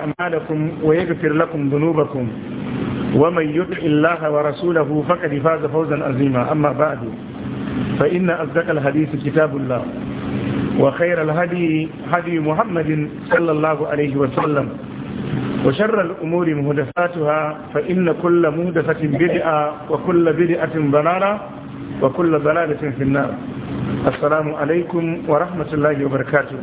أعمالكم ويغفر لكم ذنوبكم ومن يطع الله ورسوله فقد فاز فوزا عظيما أما بعد فإن أصدق الحديث كتاب الله وخير الهدي هدي محمد صلى الله عليه وسلم وشر الأمور مهدفاتها فإن كل مهدفة بدعة وكل بدعة ضلالة وكل ضلالة في النار السلام عليكم ورحمة الله وبركاته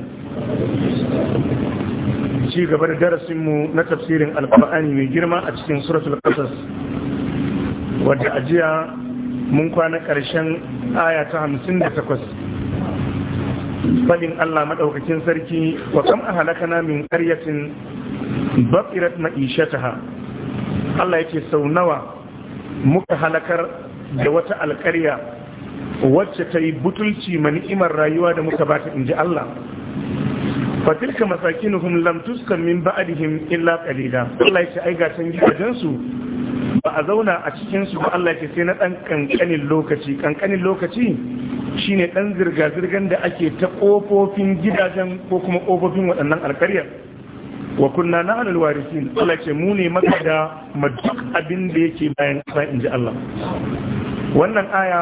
ci gaba da darasinmu na tafsirin alkur'ani mai girma a cikin suratul ƙasas wadda ajiya mun kwana ƙarshen aya ta hamsin da takwas Faɗin allah maɗaukakin sarki wa kam a halakana min ƙaryatin bafirat ma'ishataha allah yake sau nawa muka halakar da wata alƙarya wacce ta yi butulci ma ni'imar rayuwa da muka bata in ji allah fatilka masakinuhum lam tuskan min ba'dihim illa qalila Allah ya ce ai ga gidajen su ba a zauna a cikin su ba Allah ya ce sai na dan kankanin lokaci kankanin lokaci shine dan zirga zirgan da ake ta kofofin gidajen ko kuma kofofin waɗannan alƙaryar wa kunna na alal warisin Allah ce mu ne maka da maduk abin da yake bayan kasa in ji Allah wannan aya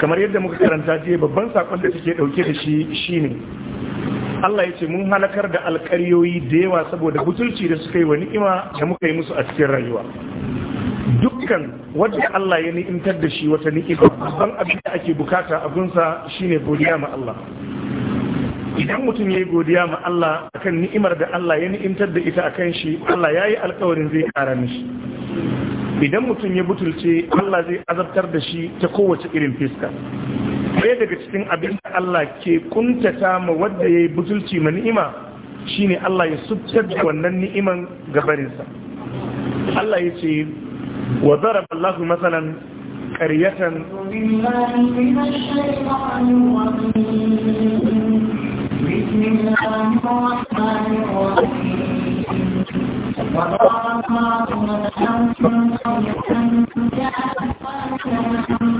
kamar yadda muka karanta je babban sakon da take dauke da shi shine Allah ya ce mun halakar da alƙaryoyi da yawa saboda butulci da suka yi wa ni'ima da muka yi musu a cikin rayuwa dukkan wadda Allah ya ni'imtar da shi wata ni'ima babban abin da ake bukata abunsa shine godiya ma Allah idan mutum ya yi godiya ma Allah akan ni'imar da Allah ya ni'imtar da ita akan shi Allah ya yi alƙawarin zai kara mishi idan mutum ya butulce Allah zai azabtar da shi ta kowace irin fiska ɗaya daga cikin abin da Allah ke kuntata ma wadda ya yi butulci ma ni'ima shine Allah ya sutar da wannan ni'iman gabarinsa Allah ya ce wa zaraba Allah ma qaryatan وَقَالَ مَا كُنَّا نَسْتَنْصِرُ أَنْ تَأْتِيَنَا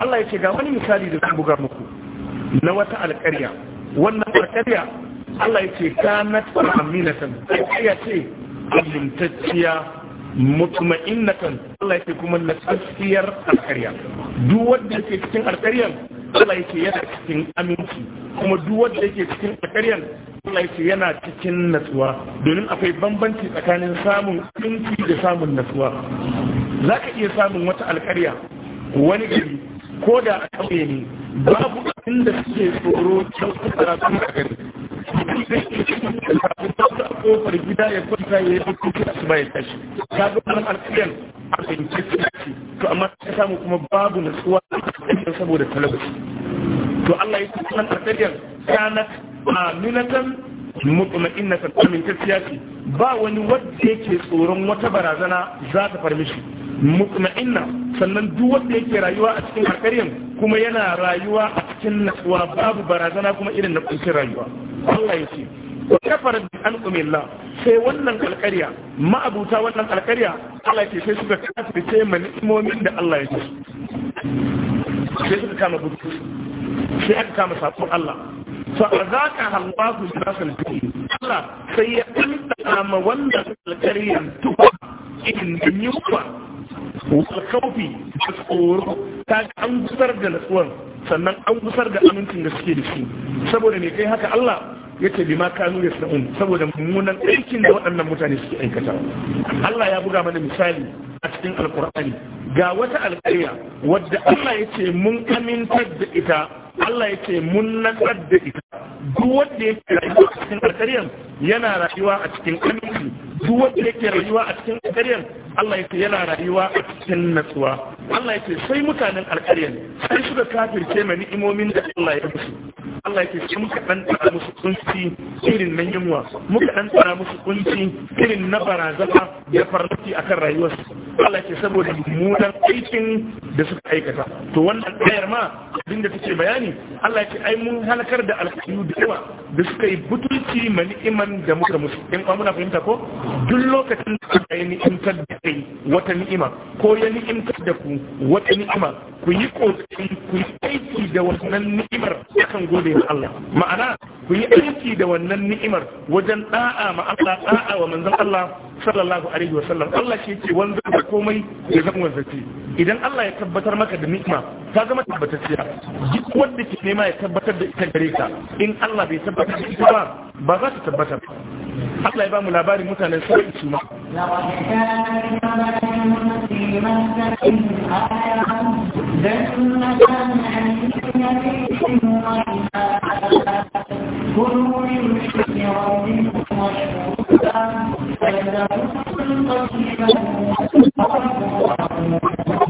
Allah ya ce ga wani misali da zan buga muku na wata alƙarya wannan alƙarya Allah ya ce kanat aminatan alƙarya ce amintacciya mutuma'innatan Allah ya ce kuma nasassiyar alƙarya duk wanda yake cikin alƙaryan Allah ya ce yana cikin aminci kuma duk wanda yake cikin alƙaryan Allah ya ce yana cikin natsuwa domin akwai bambanci tsakanin samun aminci da samun natsuwa za ka iya samun wata alƙarya wani gari ko da a kauye ne babu abin da suke tsoro can kuka sun da gari kafin ta kofar gida ya kwanta ya yi dukkan su ya tashi ta ga wani alƙiyan a fahimci su to amma ta samu kuma babu natsuwa a saboda talabci to Allah ya ce wannan alƙiyan kanat aminatan ta amintaciya ce ba wani wadda yake tsoron wata barazana za ta farmishi mutma'inna sannan duk wanda yake rayuwa a cikin alƙaryan kuma yana rayuwa a cikin natsuwa babu barazana kuma irin na kunshin rayuwa Allah ya ce kafar bi an umilla sai wannan alƙarya ma'abuta wannan alƙarya Allah ya ce sai suka kafirce ma imomin da Allah ya ce sai suka kama butu sai aka kama sakon Allah fa azaka Allahu libasan bihi Allah sai ya kunta ma wannan alƙaryan tuwa in yi kaufi da tsoro ta an gusar da natsuwar sannan an gusar da amincin da suke da shi saboda ne kai haka Allah ya ce bi ma kanu ya sa'un saboda mummunan aikin da waɗannan mutane suke aikata Allah ya buga mana misali a cikin alkur'ani ga wata alƙarya wadda Allah ya ce mun amintar da ita Allah ya ce mun natsar da ita duk wanda ya ke rayuwa a cikin alkariyar yana rayuwa a cikin aminci duk wanda ya ke rayuwa a cikin alkariyar Allah ya ce yana rayuwa a cikin natsuwa Allah ya ce sai mutanen alkariyar sai suka kafirce mani imomin da Allah ya musu Allah ya ce sai muka ɗanɗana musu kunci irin na yunwa muka ɗanɗana musu kunci irin na barazana da farnaki akan rayuwarsu Allah saboda mummunan aikin da suka aikata to wannan ayar ma abinda take bayani Allah yake ai mun halakar da alƙiyu da yawa da suka yi butulci ma ni'iman da muka musu in ba muna fahimta ko duk lokacin da aka yi ni'imtar da kai wata ni'ima ko ya ni'imtar da ku wata ni'ima ku yi ku yi aiki da wannan ni'imar akan gode wa Allah ma'ana ku yi aiki da wannan ni'imar wajen da'a ma Allah da'a wa manzon Allah sallallahu alaihi wa sallam Allah ke ce da komai ya zama wanzaci idan Allah ya tabbatar maka da nikma ta zama tabbatacciya duk wanda ke nema ya tabbatar da ita gare ka in Allah bai tabbatar da ita ba ba za ta tabbata ba Allah ya ba mu labarin mutane su yi su ma Thank you.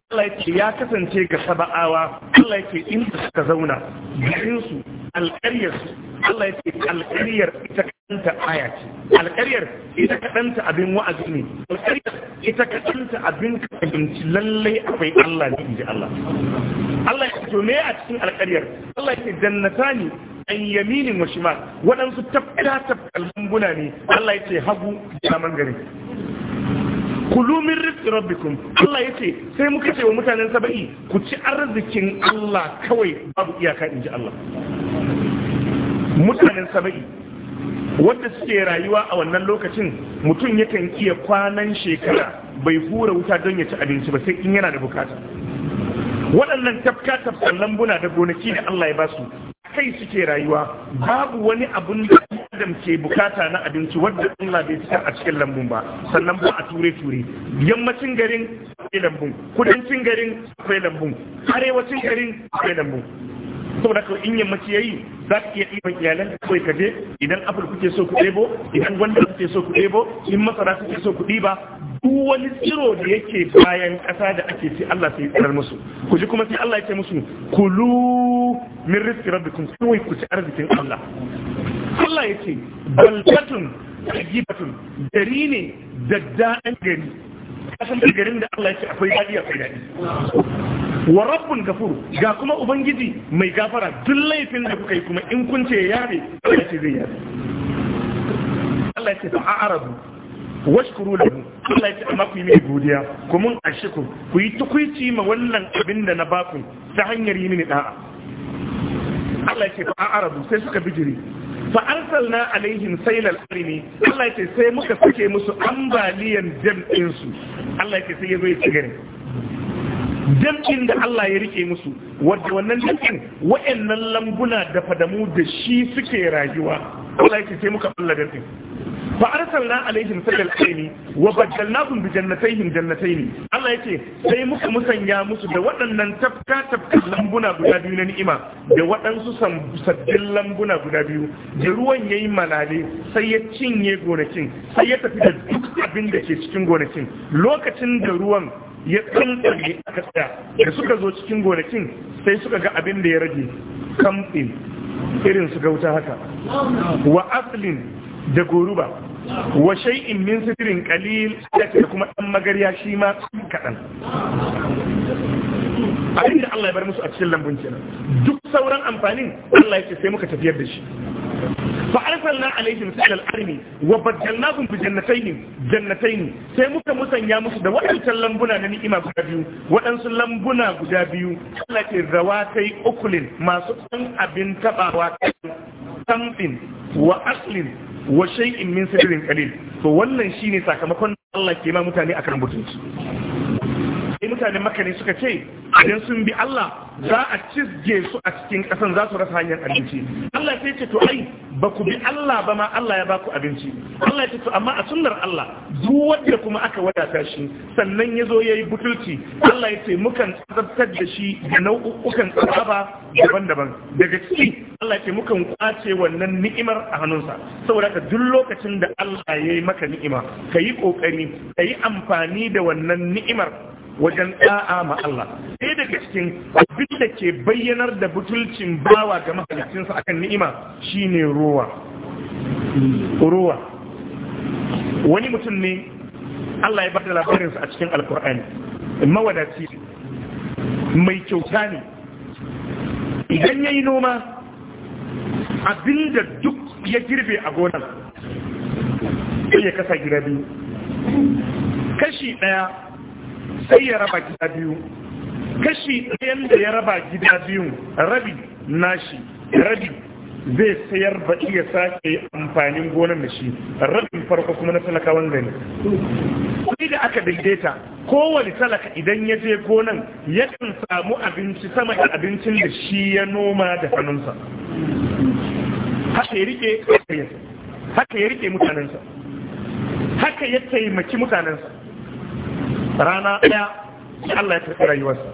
Allah yake ya kasance ga saba'awa Allah yake inda suka zauna garinsu alƙaryarsu Allah yake alƙaryar ita kaɗanta aya ce alƙaryar ita kaɗanta abin wa'azi ne alƙaryar ita kaɗanta abin fahimci lallai akwai Allah ne inji Allah Allah ya to me a cikin alƙaryar Allah yake jannata ne an yaminin wa shimal waɗansu tafka tafka lambuna ne Allah yake hagu da mangare kulu min rizqi rabbikum Allah yace sai muka ce wa mutanen saba'i ku ci arzikin Allah kawai babu iyaka inji Allah mutanen saba'i wadda suke rayuwa a wannan lokacin mutum yakan iya kwanan shekara bai hura wuta don ya ci abinci ba sai in yana da bukata waɗannan tafka tafsan lambuna da gonaki da Allah ya basu kai suke rayuwa babu wani abun da adam ke bukata na abinci wadda Allah bai cika a cikin lambun ba sannan ba a ture ture yammacin garin akwai lambun kudancin garin akwai lambun arewacin garin akwai lambun saboda ka in yammaci yayi za ka iya ɗiban iyalan kawai ka je idan apple kuke so ku ɗebo idan gwanda kuke so ku ɗebo in masara kuke so ku ɗiba duk wani tsiro da yake bayan ƙasa da ake ce Allah sai tsirar musu ku ji kuma sai Allah ya ce musu kulu min rizqi rabbikum kawai ku ci arzikin Allah Allah ya ce balbatun ajibatun gari ne daddaɗan gari kasan garin da Allah ya ce akwai daɗi akwai daɗi wa rabbun gafur ga kuma ubangiji mai gafara duk laifin da kuka yi kuma in kun ce yare Allah ya ce zai yare Allah ya ce fa'arabu washkuru lahu Allah ya ce amma ku yi mini godiya ku mun ashiku ku yi tukuici ma wannan abin da na baku ta hanyar yi mini da'a Allah ya ce fa arabu sai suka bijiri fa arsalna alaihim sailal arimi Allah ya ce sai muka sake musu ambaliyan jam'in su Allah ya ce sai yazo ya ci gare jam'in da Allah ya rike musu wadda wannan jam'in wa'annan lambuna da fadamu da shi suke rayuwa Allah ya ce sai muka balla jam'in fa arsalna alaihim sakal aini wa badalnahum bi jannatayhim jannatayn Allah yace sai muka musanya musu da waɗannan tafka tafka lambuna guda biyu na ni'ima da waɗansu sabbin lambuna guda biyu da ruwan yayi malale sai ya cinye gonakin sai ya tafi da duk abin da ke cikin gonakin lokacin da ruwan ya tsantsare aka tsaya da suka zo cikin gonakin sai suka ga abin da ya rage kamfin irin su gauta haka wa aslin da goruba wa shay'in min sidrin qalil sai kuma dan magariya shi ma kadan abin da Allah ya bar musu a cikin lambun kenan duk sauran amfanin Allah ya ce sai muka tafiyar da shi fa arsalna alaihim sa'al al-armi wa badalnahum bi jannatayn jannatayn sai muka musanya musu da wadancan lambuna na ni'ima guda biyu wadansu lambuna guda biyu Allah ce zawatai ukulin masu dan abin tabawa kan wa aslin wa shay'in min sirrin qalil to wannan shine sakamakon Allah ke ma mutane akan mutunci sai mutane makka ne suka ce idan sun bi Allah za a cizge su a cikin kasan za su rasa hanyar abinci Allah sai ce to ai ba ku bi Allah ba ma Allah ya baku abinci Allah ya ce to amma a sunnar Allah duk wanda kuma aka wadata shi sannan ya zo ya yi butulci Allah ya ce mukan tsabtar da shi da nau'ukan tsaba daban-daban daga ciki Allah ce mukan kwace wannan ni'imar a hannunsa saboda ka duk lokacin da Allah ya yi maka ni'ima ka yi kokari ka yi amfani da wannan ni'imar wajen da'a ma Allah sai daga cikin abin da ke bayyanar da butulcin bawa ga mahalicinsa akan ni'ima shine ruwa ruwa wani mutum ne Allah ya bada labarinsa a cikin alkur'ani mawadaci mai kyauta ne idan ya yi noma abinda duk ya girbe a gonan sai ya kasa gida biyu kashi ɗaya sai ya raba gida biyu kashi ɗayan da ya raba gida biyu rabi nashi rabi zai sayar ba iya sake amfanin gonar da shi rabin farko kuma na talaka talakawan gani kuɗi da aka daidaita kowane talaka idan ya je gonan yakan samu abinci sama da abincin da shi ya noma da hannunsa haka ya rike haka ya rike mutanensa haka ya taimaki mutanensa rana ɗaya shi Allah ya tafi rayuwarsa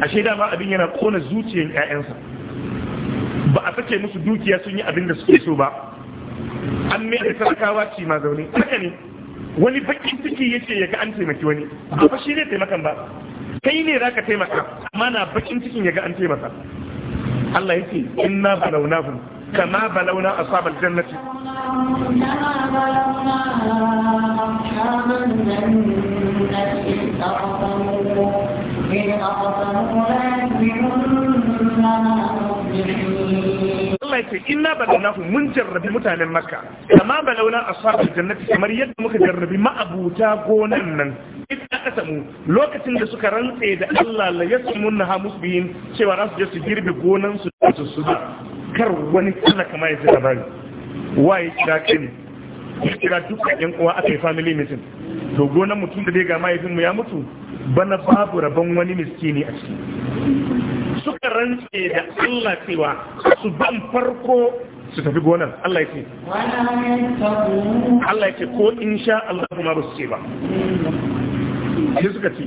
a shaida ma abin yana kona zuciyar ƴaƴansa ba a sake musu dukiya sun yi abin da suke so ba an mai da talakawa ci ma zaune haka ne wani bakin ciki ce ya ga an taimaki wani ba shi ne taimakan ba kai ne ka taimaka amma na bakin cikin ya ga an taimaka Allah ya na inna balawnahum كما بلونا أصحاب الجنة Allah ya ce inna balawnahu mun jarrabi mutanen Makka kama balawna ashabul jannati kamar yadda muka jarrabi ma'abuta gonan nan idan aka samu lokacin da suka rantse da Allah la yasmun na musbihin cewa za su je su girbe gonan su su su kar wani kalla kamar ya ji bari waye kira kai ya kira duka yan uwa aka yi family meeting to gonan mutum da bai ga mu ya mutu bana babu rabon wani miskini a ciki suka rantse da Allah cewa su ban farko su tafi gonar Allah ya ce Allah ya ce ko in sha Allah kuma ba su ce ba sai suka ce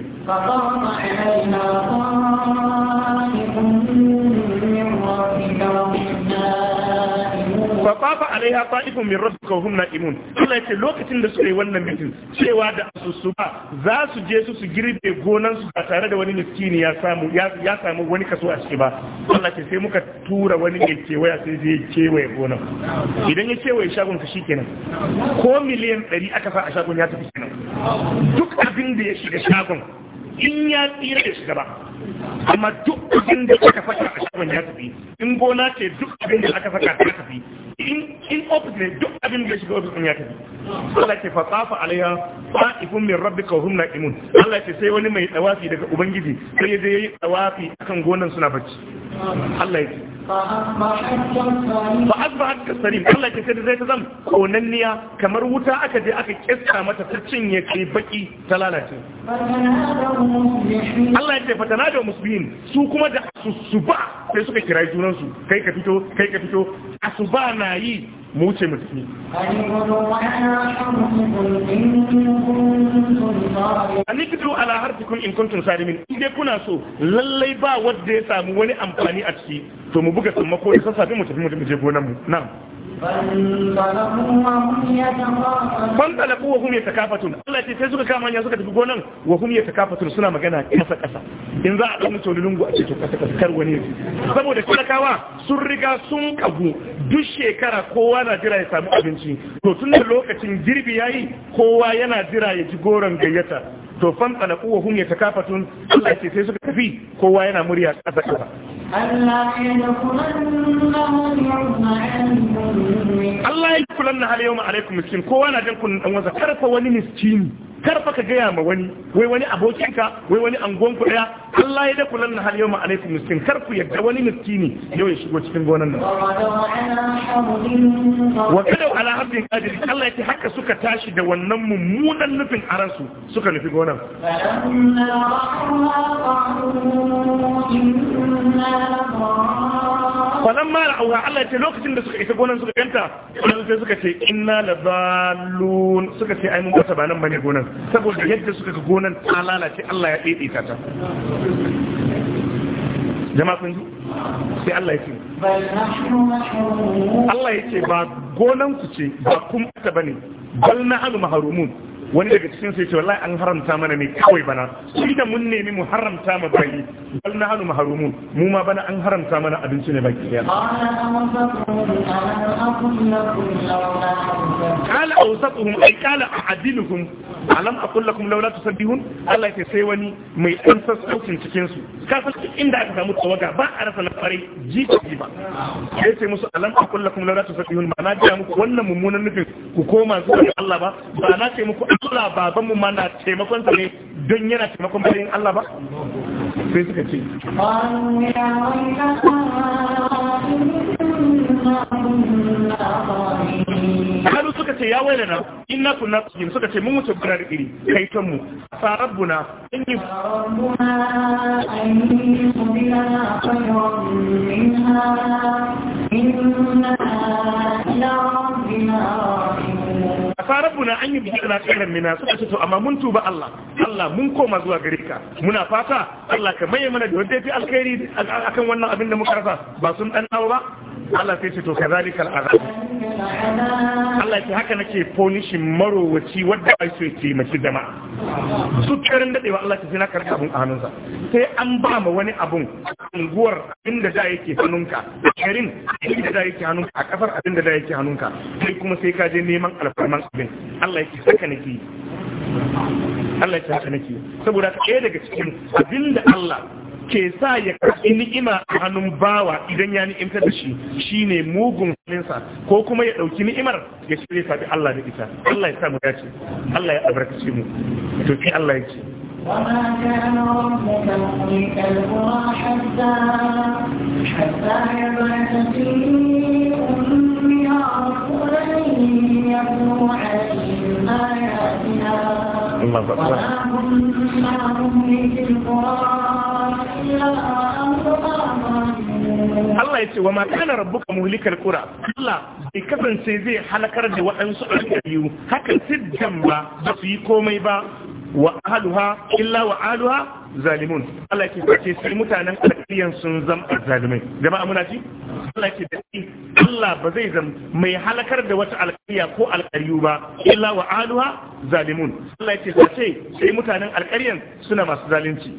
fatafa alaiha ta'ifun min rabbika hum na'imun Allah ce lokacin da suka yi wannan mitin cewa da asusuba za su je su su girbe gonan su ba tare da wani miskini ya samu ya samu wani kaso a ciki ba Allah ce sai muka tura wani ya kewaya sai zai kewaye gonan idan ya kewaye shagon ka shikenan ko miliyan 100 aka sa a shagon ya tafi kenan duk abin da ya shiga shagon in ya tsira da shiga ba amma duk abin da aka faka a shagon ya tafi in gona ce duk abin da aka saka ya tafi in ofis ne duk abin da shiga ofis ya tafi Allah ce fasafa alaiha fa'ifun min rabbika hum na'imun Allah ce sai wani mai tsawafi daga ubangiji sai ya je yayi tsawafi akan gonan suna bacci Allah ya fa asbahat kasarim Allah ke sai zai ta zam konanniya kamar wuta aka je aka kissa mata ta cinye kai baki ta lalace Allah ya ce fatana da muslimin su kuma da asusuba sai suka kira junansu kai ka fito kai ka fito asuba na yi mu ce musulmi anikitu ala harfikum in kuntum salimin in dai kuna so lallai ba wanda ya samu wani amfani a ciki to mu buga sammako da sassafe mu tafi mu je gonar mu na'am fanɗalaku wa kuma ya takafatun Allah ce sai suka kama ya suka tafi gonan wa kuma ya takafatun suna magana kasa kasa in za a ɗan mutu lungu a cikin kasa kasa kar wani saboda talakawa sun riga sun kagu duk shekara kowa na jira ya samu abinci to tun da lokacin girbi yi, kowa yana jira ya ji goron gayyata to fan fanɗalaku wa kuma ya takafatun Allah ce sai suka tafi kowa yana murya kasa kasa Allah ya kulan na halayyau ma'alaikun miskin kowa na jan kunan ɗanwansa karfa wani miskini karfa ka gaya ma wani wai wani abokinka wai wani ku ɗaya Allah ya da kulan na halayyau ma'alaikun miskin karku yadda wani miskini yau ya shigo cikin gonan nan wa kada ala harbin kadiri Allah ya ce haka suka tashi da wannan mummunan nufin aransu suka nufi gonan. falan mara auha Allah ya ce lokacin da suka isa gonan suka ganta wannan sai suka ce da lazalun suka ce ai mun gasa ba nan bane gonan saboda yadda suka ga gonan ta lalace Allah ya daidaita ta jama'a kun ji sai Allah ya ce Allah ya ce ba gonan ku ce ba kuma ta bane bal na hanu mahrumun wani daga cikin sai ce wallahi an haramta mana ne kawai bana shi da mun nemi mu haramta ma bari bal na hanu maharumun mu ma bana an haramta mana abinci ne baki daya qala awsatuhum ay qala ahadilukum alam aqul lakum laula tusabbihun Allah ya sai wani mai dan sassaucin cikin su ka san inda aka samu tawaga ba a rasa ji jiki ba sai ce musu alam aqul lakum laula tusabbihun ba na ga muku wannan mummunan nufin ku koma zuwa Allah ba ba na ce muku kula babanmu mana taimakon sa ne don yana taimakon bayan Allah ba sai suka ce kanu suka ce ya waila na inna kunna tsirin suka ce mun wuce gudanar iri kai ton mu fa rabbuna in yi inna ila rabbina rahim A asa rabbuna an yi bihi na khairan mina suka ce to amma mun tuba Allah Allah mun koma zuwa gare ka muna fata Allah ka maye mana da wanda yafi alkhairi akan wannan abin da muka rasa ba sun dan dawo ba Allah sai ce to kazalika al'azab Allah ce haka nake ponishin marowaci wadda ai so ce mace jama'a su karin dadewa Allah ta zina karka abun a hannunsa sai an ba ma wani abun unguwar inda da yake hannunka garin inda da yake hannunka a kafar abin da da yake hannunka kai kuma sai ka je neman alfa alfarman abin Allah ya ce saka nake Allah ya ce haka nake saboda ka ɗaya daga cikin abinda Allah ke sa ya karɓi ni'ima a hannun bawa idan ya ni'imta da shi shi ne mugun halinsa ko kuma ya ɗauki ni'imar ya shirya sabi Allah da ita Allah ya sa mu dace Allah ya albarkace mu to sai Allah ya ce وما كان ربك مهلك القرى حتى حتى يبعث في أمها رسولا Allah ya ce wa makana rabbuka muhlikal kura. Allah bai kasance zai halakar da waɗansu alƙaliyu haka siddan ba ba su yi komai ba wa ahluha illa wa ahluha zalimun Allah ya ce sai mutanen alƙaryan sun zama zalimai jama'a muna ci Allah ce da Allah ba zai zama mai halakar da wata alƙarya ko alƙaryu ba illa wa aluha zalimun Allah ya sace sai mutanen alƙaryan suna masu zalunci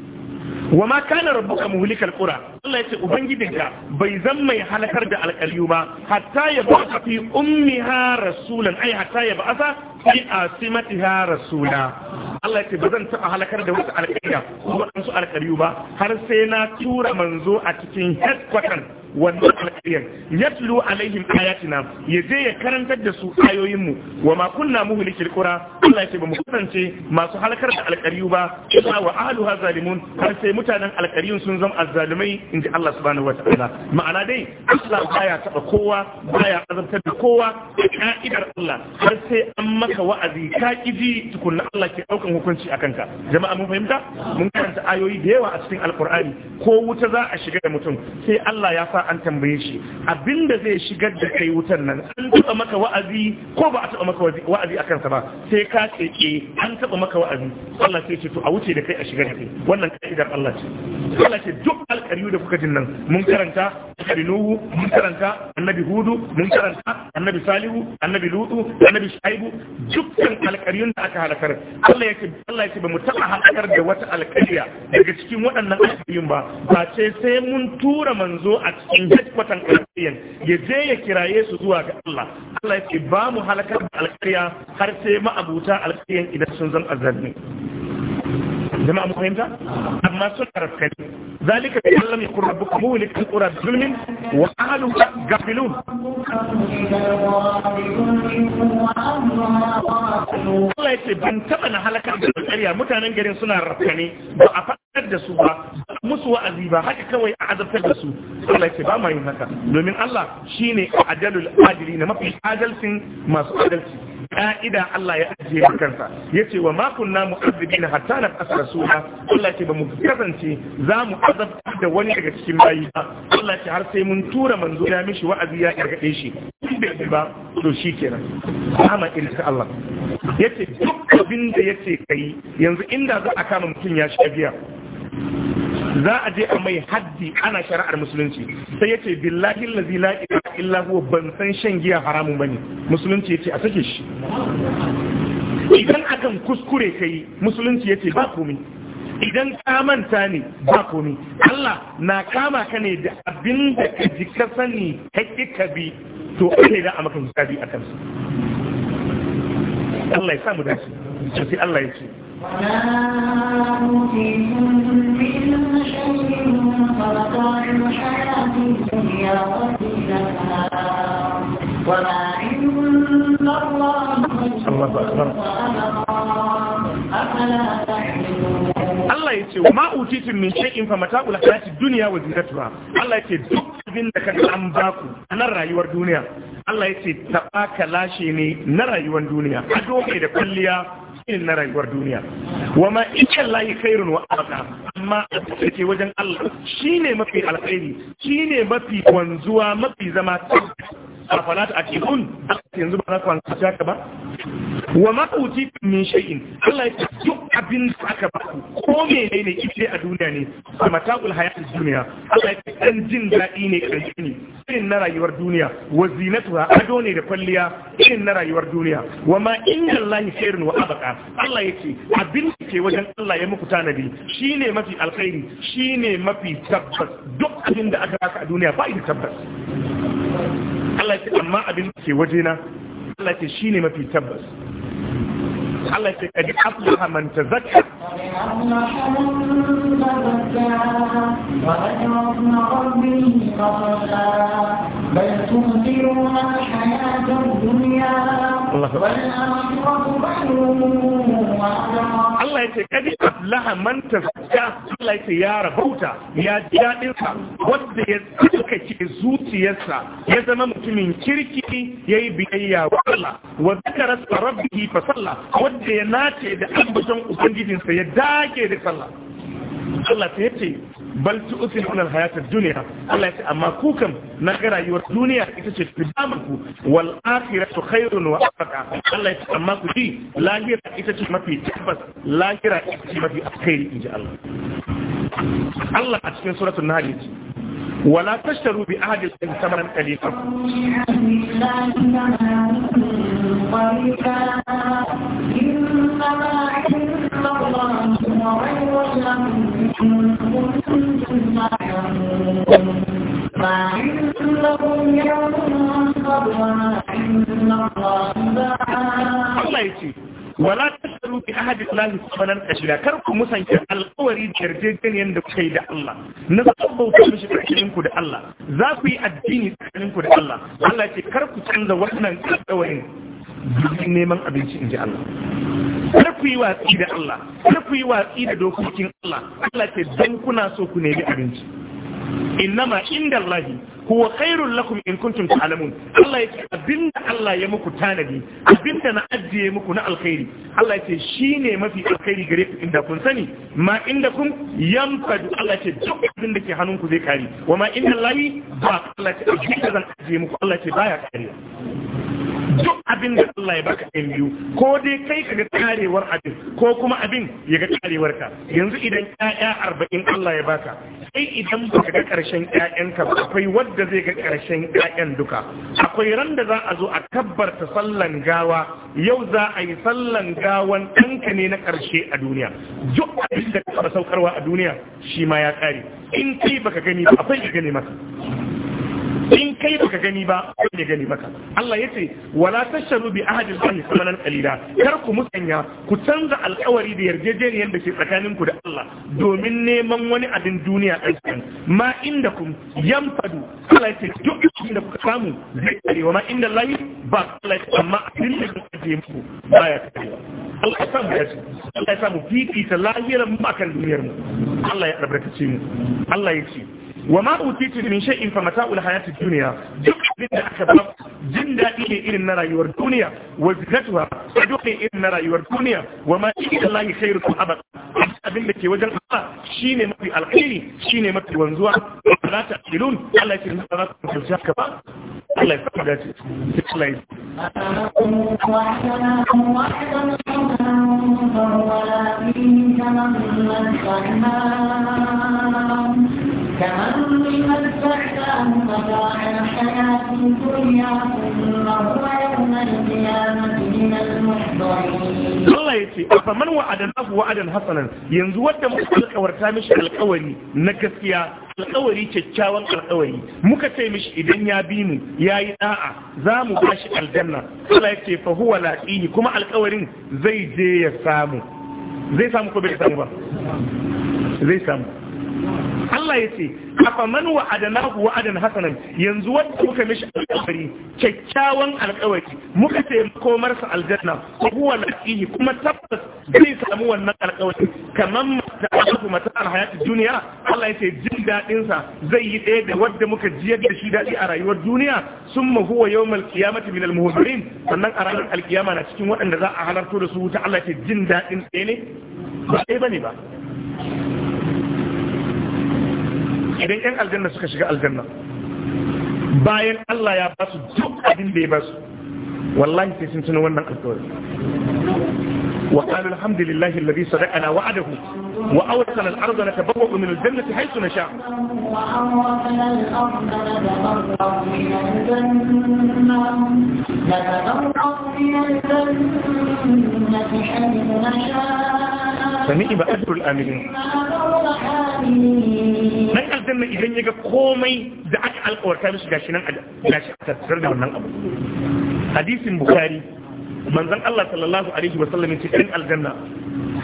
wa ma kana rabbuka muhlikal qura Allah ya ce ubangidinka bai zan mai halakar da alƙaryu ba hatta ya ba fi ummiha rasulan ai hatta ya ba'asa fi asimatiha rasula Allah ya ce ba zan taɓa halakar da wasu alƙarya ko waɗansu alƙaryu ba har sai na tura manzo a cikin headquarter wannan alƙaryar yatlu alaihim ayatina ya je ya karantar da su ayoyinmu wa ma kunna muhlikil qura Allah ya ce ba mu kasance masu halakar da alƙaryu ba illa wa ahluha zalimun har sai mutanen alƙaryun sun zama azzalumai inji Allah subhanahu wataala ma'ana dai Allah baya taɓa kowa baya azabtar da kowa ka'idar Allah har sai an maka maka wa'azi ka kiji tukunna Allah ke daukan hukunci akan ka jama'a mun fahimta mun karanta ayoyi da yawa a cikin alkur'ani ko wuta za a shiga da mutum sai Allah ya sa an tambaye shi abinda zai shigar da kai wutan nan an taba maka wa'azi ko ba a taba maka wa'azi akan sa ba sai ka keke eh, an taba maka wa'azi Allah sai ce to a wuce da kai a shigar da kai wannan kaidar Allah ce Allah ce duk alkariyu da kuka jin nan mun karanta annabi nuhu mun karanta annabi hudu mun karanta annabi salihu annabi lutu annabi shaibu dukkan alƙaryun da aka halakar Allah yake Allah yake ba mu taɓa halakar da wata alƙarya daga cikin waɗannan alƙaryun ba ba ce sai mun tura manzo a cikin headquarter alƙaryan ya je ya kiraye su zuwa ga Allah Allah yake ba mu halakar da alƙarya har sai ma ma'abuta alƙaryan idan sun zan azalmi jama'a mu fahimta amma sun tarafka ne zalika bi allam yakun rabbuka muhlik alqura zulmin wa ahluha Allah ya ce ban taba na halakar da alƙarya mutanen garin suna rafkane ba a faɗar da su ba musu wa'azi ba haka kawai a azabtar da su Allah ya ce ba domin Allah shine ajalul adili na mafi adalcin masu adalci ka'ida Allah ya ajiye a kansa ya ce wa makon na mu'azzabi na hatta na ƙasa rasula Allah ce ba mu kasance za mu azabta da wani daga cikin bayi ba Allah ce har sai mun tura manzo ya mishi wa'azi ya gargaɗe shi bai bi ba to shi kenan kama ilta Allah ya ce duk abin da ya ce ka yi yanzu inda za a kama mutum ya sha biya za a je a mai haddi ana shari'ar musulunci sai ya ce billahi lazi la illa huwa ban san shan giya haramun bane musulunci ya ce a sake shi idan akan kuskure ka yi musulunci ya ce ba komi idan ka manta ne ba komi Allah na kama ka ne da abin da ka ji ka sani ka ka bi to ake da a maka bi a kansu Allah ya samu dace sai Allah ya ce وما Allah ya ce "Ma ma'utitin min shay'in fa mata'ul hayati duniya wa zinatuha Allah ya ce duk abin da kaga an baku na rayuwar duniya Allah ya ce taɓa lashe ne na rayuwar duniya a doke da kwalliya shi na rayuwar duniya wa ma ikan layi khairun wa abada amma a take wajen Allah shine mafi alkhairi shine mafi kwanzuwa mafi zama a falata a yanzu ba za ku hankalta ka ba wa ma kuti min shay'in Allah ya duk abin da aka ba ko menene ne a duniya ne a mata'ul hayatul duniya Allah ya dan jin daɗi ne ƙarshe ne irin na rayuwar duniya wa zinatuha ado ne da kwalliya irin na rayuwar duniya wa ma inna Allah khairun wa abaka Allah ce abin ke wajen Allah ya muku tanadi shi ne mafi alkhairi shi ne mafi tabbas duk abin da aka raka a duniya ba da tabbas Allah ce amma abin da ke wajena Allah ce shi ne mafi tabbas Allah ce kadi aflaha man tazakka wa بل تؤثرون الحياة الدنيا Allah ya ce kadi laha man tafiya Allah ya ce ya rabauta ya ji daɗinsa wadda ya ke zuciyarsa ya zama mutumin kirki ya yi biyayya wa Allah wa zakara rabbihi fa Sallah, wadda ya nace da ambaton ubangijinsa ya dage da sallah Allah ta yace bal tu'thiruna al-hayata ad-dunya Allah ya ce amma ku kam na ga rayuwar duniya ita ce ku damar ku wal akhiratu khairun wa abqa Allah ya ce amma ku ji lahira ita ce mafi tabbas lahira ita ce mafi alkhairi inji Allah Allah a cikin suratul nahl ce wala tashtaru bi ahdi al-ahdi thamanan qalila إنما عند billahi subhanan kashira kar ku musanta alƙawari da yarjejeniyar da kuka yi da Allah na sabbauta mishi tsakanin ku da Allah za ku yi addini tsakanin ku da Allah Allah ce kar ku canza wannan alƙawarin domin neman abinci in ji Allah kar ku yi watsi da Allah kar ku yi watsi da dokokin Allah Allah ce don kuna so ku nemi abinci innama inda Allah kuwa khairul lakum in kuntum ta'lamun Allah yake abinda Allah ya muku tanadi abinda na ajiye muku na alkhairi Allah yake shine mafi alkhairi gare ku inda kun sani ma inda kun yanfadu Allah yake duk abinda ke ku zai kare wa ma inda Allah ba Allah yake zan ajiye muku Allah yake baya kariya duk abin da Allah ya baka ɗan biyu ko dai kai ka ga karewar abin ko kuma abin ya ga karewar ka yanzu idan ƴaƴa arba'in Allah ya baka sai idan baka ga ƙarshen ƴaƴanka ba akwai wadda zai ga karshen ƴaƴan duka akwai ran da za a zo a tabbata sallan gawa yau za a yi sallan gawan ɗanka ne na ƙarshe a duniya duk abin da ka saukarwa a duniya shi ma ya ƙare in kai baka gani ba akwai ka gani masa in kai baka gani ba wani gani maka Allah yace wala tasharu bi ahadin sahi samanan qalila kar ku musanya ku canza alkawari da yarjejeniyar da ke tsakanin ku da Allah domin neman wani abin duniya ɗan ma inda kum yamfadu Allah yace duk abin da kuka samu zai kare wa ma inda Allah ba Allah yace amma abin da kuka je ba ya karewa Allah ya samu yace Allah ya samu fifita mu akan duniyar mu Allah ya albarkace mu Allah ya ce wa ma utitu min shay'in fa mata'ul hayatid dunya duk abin da aka ba jin dadi ne irin na rayuwar duniya wa zinatuha duk ne irin na rayuwar duniya wa ma inda Allah khairu abad abin da ke wajen Allah shine mafi alkhairi shine mafi wanzuwa la ta'qilun Allah ya tsara ku ka ba Allah ya fada ce Allah ya ولا في ثمن الحمام كمن متعتاه متاع الحياة الدنيا ثم هو يوم القيامة من المحضرين الله يتي أفمن وعدناه وعدا حسنا alkawari kyakkyawan alkawari muka ce mishi idan ya bi mu ya yi da'a za mu ba shi aljanna Allah ya ce fahu huwa laqihi kuma alkawarin zai je ya samu zai samu ko bai samu ba zai samu Allah ya ce afaman wa adanahu wa hasanan yanzu wanda muka mishi alƙawari kyakkyawan alƙawari muka ce makomarsa aljanna ko huwa kuma tabbas zai samu wannan alƙawari kaman da aka mata alhayati duniya Allah ya ce jin daɗinsa zai yi ɗaya da wadda muka jiyar da shi daɗi a rayuwar duniya summa huwa yawmal qiyamati minal muhdirin sannan a ranar alkiyama na cikin waɗanda za a halarto da su wuta Allah ya ce jin daɗin ɗaya ne ba ɗaya bane ba idan yan aljanna suka shiga aljanna bayan Allah ya ba su duk abin da ya ba su wallahi sai sun tuna wannan alƙawari wa qala alhamdulillahi alladhi sadaqana wa'adahu wa awsana al-ardha natabawwa'u min al-jannati haythu nasha فنئم أجر الآمنين aljanna idan ya ga komai da aka alkawarta mishi gashi nan a tattar da wannan abu hadisin bukari manzon Allah sallallahu alaihi wasallam ya ce ɗan aljanna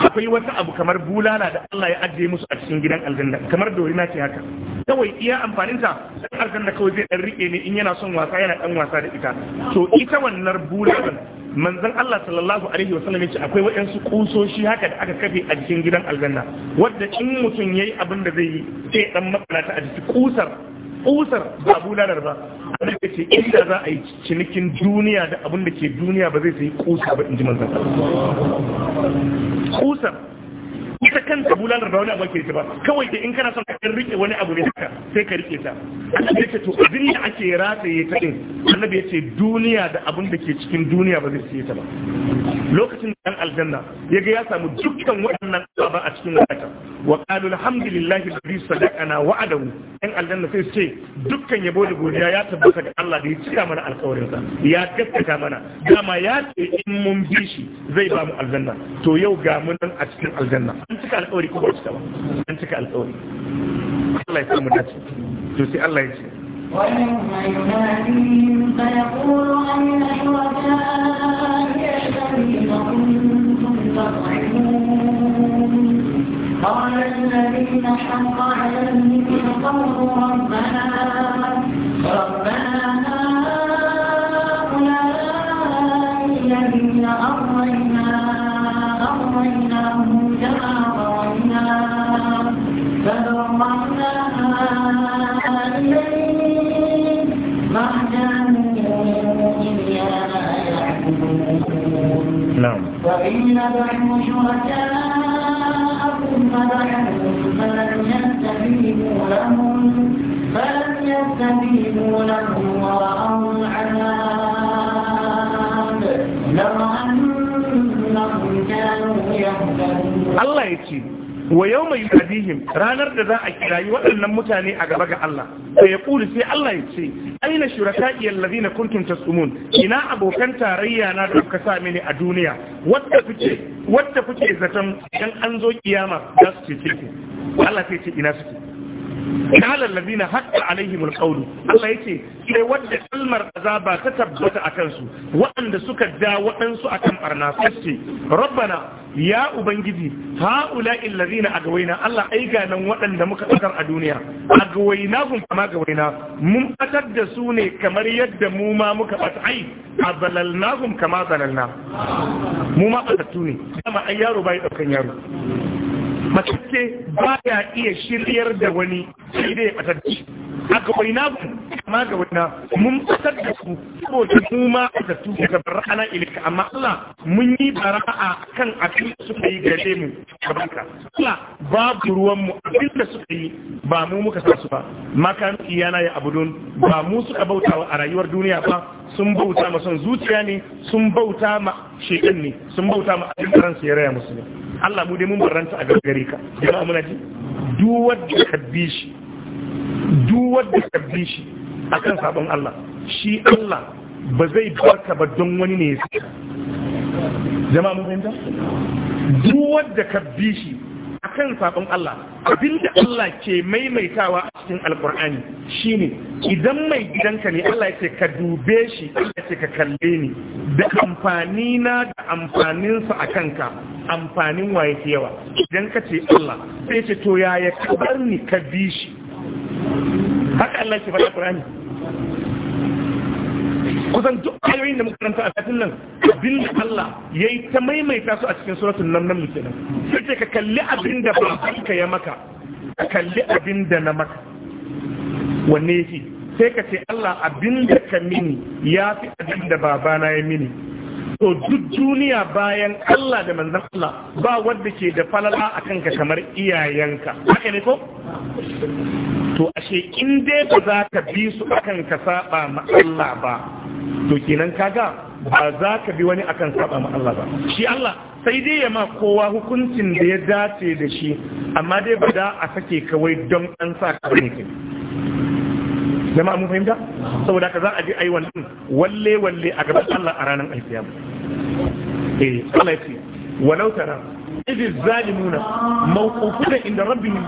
akwai wata abu kamar bulala da Allah ya ajiye musu a cikin gidan aljanna kamar dorina ce haka kawai iya amfanin ta dan aljanna kawai zai dan rike ne in yana son wasa yana dan wasa da ita to ita wannan bulalan manzon Allah sallallahu alaihi wasallam ce akwai wayansu kusoshi haka da aka kafe a cikin gidan aljanna wanda in mutum yayi abin da zai yi sai dan matsala ta a jiki kusar kusar ba da ba wanda ya ce inda za a yi cinikin duniya da abin da ke duniya ba zai sayi kusa ba in ji kusar ita kanta bulalar da wani abu ake ta ba kawai da in kana son ka rike wani abu ne haka sai ka rike ta annabi yace to abin da ake ratsaye ta din annabi yace duniya da abin da ke cikin duniya ba zai siye ta ba lokacin da dan aljanna yaga ya samu dukkan waɗannan abu a cikin wata wa qalu alhamdulillahi alladhi sadaqana wa'adahu dan aljanna sai ce dukkan yabo da godiya ya tabbata ga Allah da ya cika mana alƙawarin sa ya gaskata mana dama ya ce in mun bi shi zai ba mu aljanna to yau ga mun a cikin aljanna an cika alƙawari ko ba cika ba an cika alƙawari Allah ya samu dace to ويوم يناديهم فيقول أين شركائي الذين كنتم تطعمون قال الذين حق عليهم القول ربنا ربنا نعم وإن نبعوا شركاءكم فبعثوا فلم يستجيبوا لهم فلم يستجيبوا لهم ورأوا العذاب لو أنهم كانوا يهتدون الله يتيب wa yau mai yunadihim ranar da za a kirayi waɗannan mutane a gaba ga Allah sai ya sai Allah ya ce aina shuraka'i allazina kuntum tasumun ina abokan tarayya na da kuka sa mini a duniya wadda kuke wadda kuke zaton dan an zo kiyama za su ce Allah sai ce ina suke Na kalar na haƙa alaihim alƙaunu Allah ya ce sai wadda kalmar azaba ta tabbata a kansu waɗanda suka da waɗansu a kan ɓarna sai rabbana ya ubangiji ha'ula illazina a gawaina Allah ai ga nan waɗanda muka ɗaukar a duniya a gawaina kun kama gawaina mun ɓatar da su ne kamar yadda mu ma muka ɓata ai a balalna kun kama balalna mu ma ɓatattu ne dama ai yaro bai ɗaukan yaro matacce ba ya iya shiryar da wani sai dai matacce a ga na ku ma ga mun fitar da ku saboda mu ma da tu daga bara'ana ilika amma Allah mun yi bara'a kan abin da suka yi gare mu ga baka. Allah babu ruwan mu abin da suka yi ba mu muka sa su ba makan iyana ya abudun ba mu suka bautawa a rayuwar duniya ba sun bauta ma son zuciya ne sun bauta ma shekin ne sun bauta ma abin da ransu ya raya musu Allah mu dai mun baranta a gare ka jama'a muna ji duk wanda ka bi shi duk wanda ka bi shi akan sabon Allah shi Allah ba zai barka ba don wani ne ya jama'a mun fahimta duk wanda ka bi shi akan sabon Allah abinda Allah ke maimaitawa a cikin alkur'ani shine idan mai gidanka ne Allah ya ce ka dube shi Allah ya ce ka kalle ni da amfani na da amfaninsa a kanka amfanin waye ke yawa idan ka ce Allah sai ce to ya ya kabar ni ka bi shi haka Allah ke faɗa Qur'ani kusan duk ayoyin da muka makaranta a satin nan abin da Allah yayi ta maimaita su a cikin suratun nan nan kenan sai ce ka kalli abin da ba ka ya maka ka kalli abin da na maka wanne yake sai ka ce Allah abin da ka mini ya fi abin da babana ya mini to duk duniya bayan Allah da manzan Allah ba wadda ke da falala a kanka kamar iyayenka haka ne ko? to ashe in dai ba za ka bi su akan ka saba ma Allah ba to kenan kaga ba za ka bi wani akan saba ma Allah ba shi Allah sai dai ya ma kowa hukuncin da ya dace da shi amma dai ba da a sake kawai don an sa ka ne jama'a mun fahimta saboda ka za a ji ayi wannan walle walle a gaban Allah a ranar alkiyama eh Allah yake ce walau tara إذ الظالمون موقوفون عند ربهم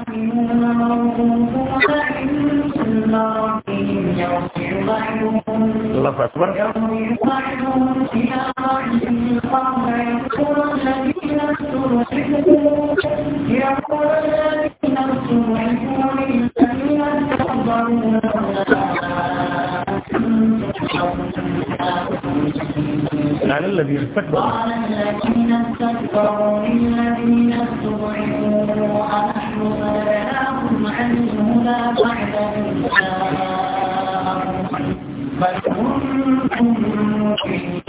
الله أكبر يقول الذين على الذين استكبروا قال الذين استكبروا الذين استضعفوا أنحن بلناهم عن الهدى بعد إن جاءهم بل كنتم مؤمنين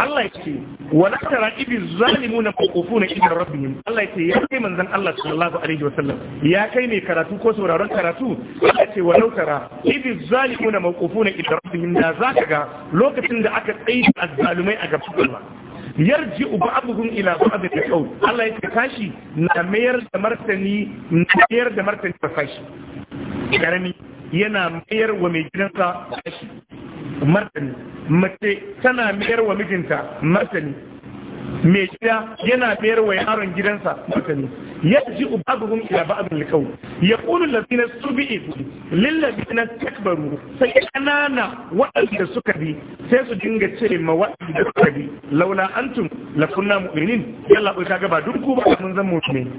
Allah ce wala tara ibi zalimuna qufuna inda rabbihim Allah ce ya kai manzon Allah sallallahu alaihi wasallam ya kai mai karatu ko sauraron karatu Allah ce walau tara ibi zalimuna mawqufuna inda rabbihim da zaka ga lokacin da aka tsaye azzalumai a gaban Allah yarji uba abubuwan ila ba'adun da kawai Allah ya kashi na mayar da martani na mayar da martani da fashi karami yana mayar wa mai gidansa fashi martani mace tana mayar wa mijinta martani mai gida yana mayar wa yaron gidansa martani yaji ubabuhum ila ba'dil qawl yaqulu allazina subi'u lil ladina takbaru sai kanana waɗanda suka bi sai su dinga ce ma waɗanda suka bi laula antum la kunna mu'minin yalla ko kaga ba dukku ba mun zan mu'mini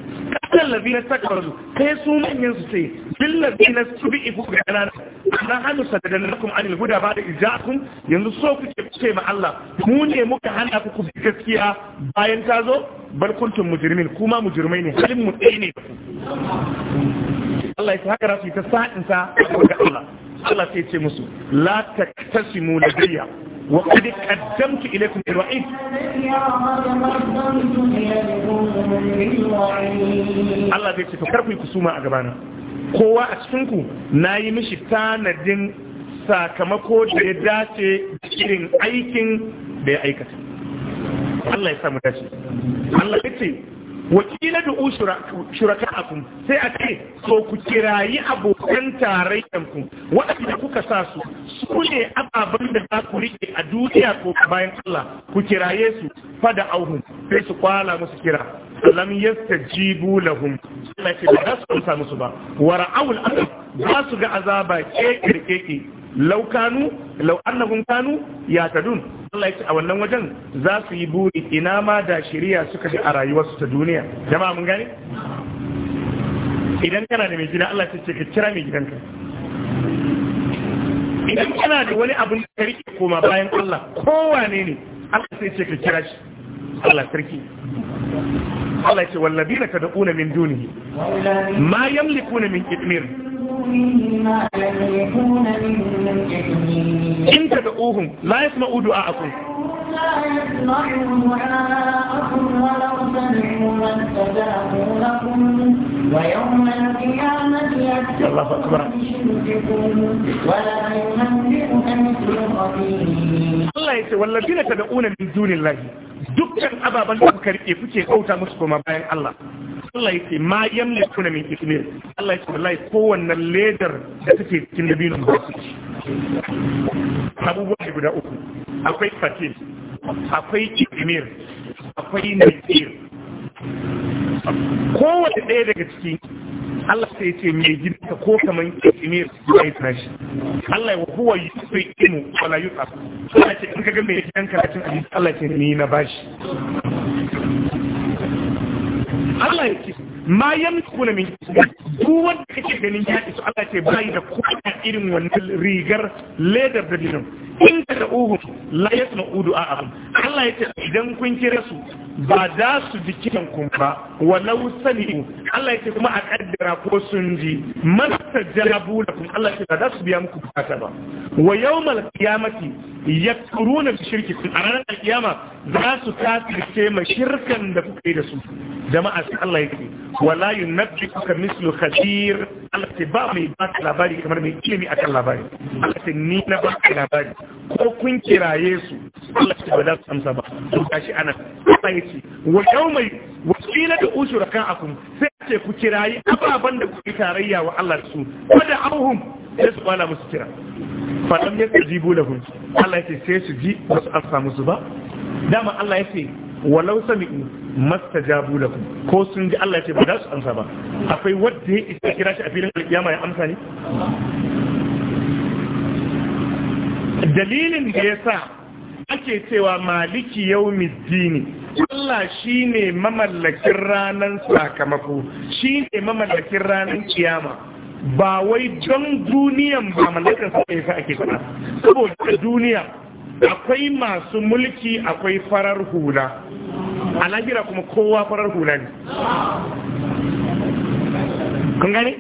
kan allazina takbaru sai su manyan su ce lil ladina subi'u kanana na hannu sadadan lakum anil guda ba da ijakum yanzu so kuke kuce ma Allah mu ne muka hana ku ku gaskiya bayan ta zo bal kuntum mujrimin kuma mujrimai ne halin mu ɗaya ne Allah ya ce haka rasu ta sa'in sa ga Allah Allah sai ce musu la mu taktasimu ladayya wa qad qaddamtu ilaykum bil wa'id Allah zai ce to karku kusuma a gabana kowa a cikinku na yi mishi tanadin sakamako da ya dace da irin aikin da ya aikata Allah ya samu dace Allah ya ce wakila da u kun, sai a ce so ku kirayi abokan tarayyanku waɗanda kuka sa su su ne ababen da za ku rike a duniya ko bayan Allah ku kiraye su fada auhun sai su kwala musu kira lam yastajibu lahum Allah ce da za su amsa musu ba wara awul azab ba su ga azaba ke kirkeke law kanu lau annahum kanu ya ta dun Allah ya ce a wannan wajen za su yi buri ina ma da shari'a suka ji a rayuwarsu ta duniya jama'a mun gane idan kana da mai gida Allah ya ce ka kira mai gidanka idan kana da wani abin da ka koma bayan Allah kowa ne ne Allah sai ce ka kira shi Allah sarki Allah ce wallabi na tad'una min dunihi ma yamlikuna min qitmir in tad'uhum la a du'a'akum لا يسمعوا دعاءكم ولو سمعوا ويوم القيامة الله يسوى والذين تدعون من دون الله dukkan ababen da kuka rike kuke kauta musu kuma bayan Allah Allah ya ce ma yamliku na min ismir Allah ya ce wallahi ledar da take cikin dabinin ba su guda uku akwai fatin akwai izmir akwai nasir kowace ɗaya daga ciki Allah sai ce mai gidanka ko kamar izmir ya yi tashi Allah ya wahuwa yi su imu wala yi tsafi Allah ce in kaga mai gidanka na cin abinci Allah ce ni na bashi Allah ya ce ma kuna min duk wanda kake ganin ya isu Allah ce bai da kuma irin wannan rigar ledar da dinin da uhu la yasma udu a Allah ya ce idan kun kira su ba za su ji kiran kun ba walau sani Allah ya ce kuma a kaddara ko sun ji masta jabu da kun Allah ya ce ba za su biya muku bukata ba wa yawmal ya yakfuruna bi shirkikum a ranar kiyama za su kafirce ma shirkan da kuka yi da su jama'a sai Allah ya ce wala yunabbi'uka mislu khabir Allah sai ba mai ba labari kamar mai ilimi akan labari Allah sai ni na ba labari ko kun kiraye su Allah sai ba za su amsa ba to gashi ana Allah yake wa yawma wakila da ushurakan akum sai ce ku kirayi ababan da kuke tarayya wa Allah su da auhum sai su bala musu kira falam yastajibu lahum Allah ya ce sai su ji ba su amsa musu ba dama Allah ya ce. walau jabu da ku. ko sun ji Allah ya ce ba za su amsa ba akwai wanda ya isa kira shi a filin alƙiyama ya amsa ne dalilin da ya sa ake cewa maliki yau middini Allah shi ne mamallakin ranar sakamako shi ne mamallakin ranar kiyama ba wai don duniyan ba mallakin sa ake faɗa saboda duniya akwai masu mulki akwai farar hula a kuma kowa farar hula ne kun gane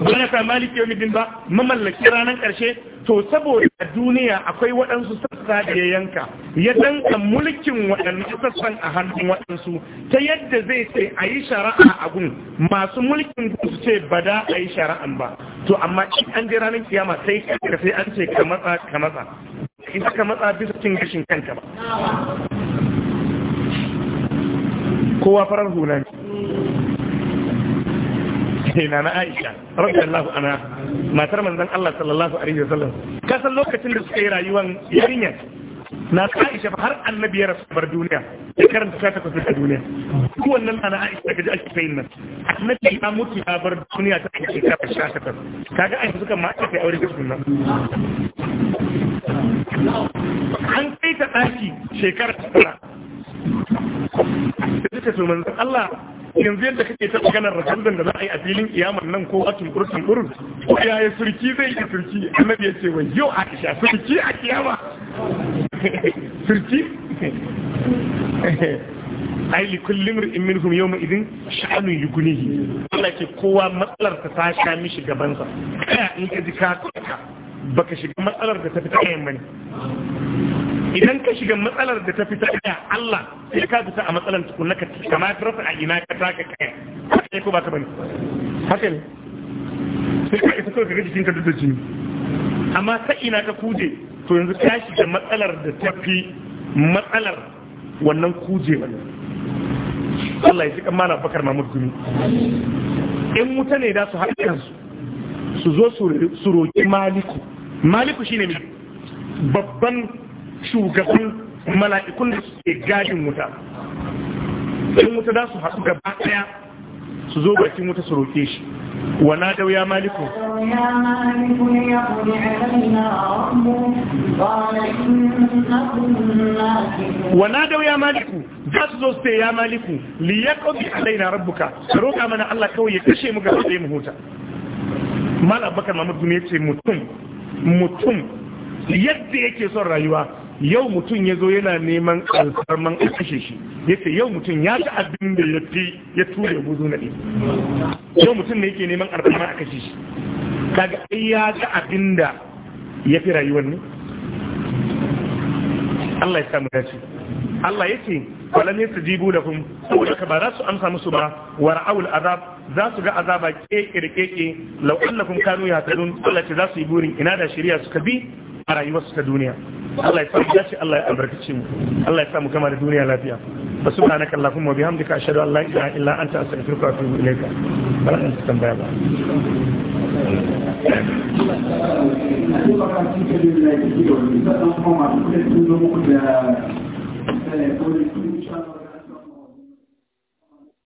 ba na maliki yau midin ba mamallaki ranar karshe to saboda duniya akwai waɗansu sassa da ya yanka ya danka mulkin waɗannan sassan a hannun waɗansu ta yadda zai ce a yi shara'a a gun masu mulkin gun su ce ba da a yi shara'an ba to amma in an je ranar kiyama sai ka sai an ce ka matsa ka matsa in ka matsa bisa cin gashin kanka ba kowa farar hula ne na na aisha rabbi allahu ana matar manzan allah sallallahu alaihi wasallam ka san lokacin da suka yi rayuwan yarinya na aisha ba har annabi ya rasu bar duniya ya karanta ta ta da duniya ko wannan na aisha gaji ake sayin nan annabi ya mutu ya bar duniya ta ake shekara sha ta kaga aisha suka ma'aikata ake aure da sunan an kai ta ɗaki shekara tara da ta tuman Allah yanzu yadda kake ta maganar rasulun da za a yi a filin kiyamar nan ko a tunkur tunkur ko yaya surki zai yi surki annabi ya ce wa yau a kisha surki a kiyama surki ai li kulli mar'in minhum yawma idin sha'anu yugunihi Allah ke kowa matsalar ta ta sha mishi gaban sa in ka ji ka baka shiga matsalar da ta fita ɗayan bane idan ka shiga matsalar da ta fita ɗaya Allah sai ka fita a matsalar tukunna ka kamata rafa a ina ka taka kaya haka ko ba ka bane haka ne sai ka isa kawai ka ga jikin ka duk jini amma ta ina ka kuje to yanzu ka shiga matsalar da ta fi matsalar wannan kuje wannan Allah ya ji mana bakar mamud gumi in mutane da su haɗa kansu su zo su roƙi maliku maliku shine mai babban shugaban mala'ikun da suke gadin wuta in wuta za su haɗu gaba ɗaya su zo bakin wuta su roƙe shi wana da ya maliku wana da wuya maliku za su zo su ya maliku li ya ƙauki alaina rabbuka ka roƙa mana Allah kawai ya kashe mu gaba ɗaya mu huta mala'abakar mamadu ne ce mutum mutum yadda yake son rayuwa yau mutum ya zo yana neman alfarman a kashe shi ya ce yau mutum ya ga abin da ya fi ya tura ya buzu na ɗi yau mutum ne yake neman alfarman a kashe shi kaga ai ya ga abin da ya fi rayuwar ne Allah ya samu dace Allah ya ce walam yasjibu lahum saboda ka ba za su amsa musu ba wa ra'awul azab za su ga azaba keke da keke law annakum kanu ya yahtadun Allah ce za su yi burin ina da shari'a suka bi a rayuwarsu ta duniya Allah ya sa mu dace Allah ya albarkace mu Allah ya sa mu gama da duniya lafiya fa subhanaka allahumma bihamdika ashhadu an la ilaha illa anta astaghfiruka wa atubu ilayka bala an tambaya ba Thank you.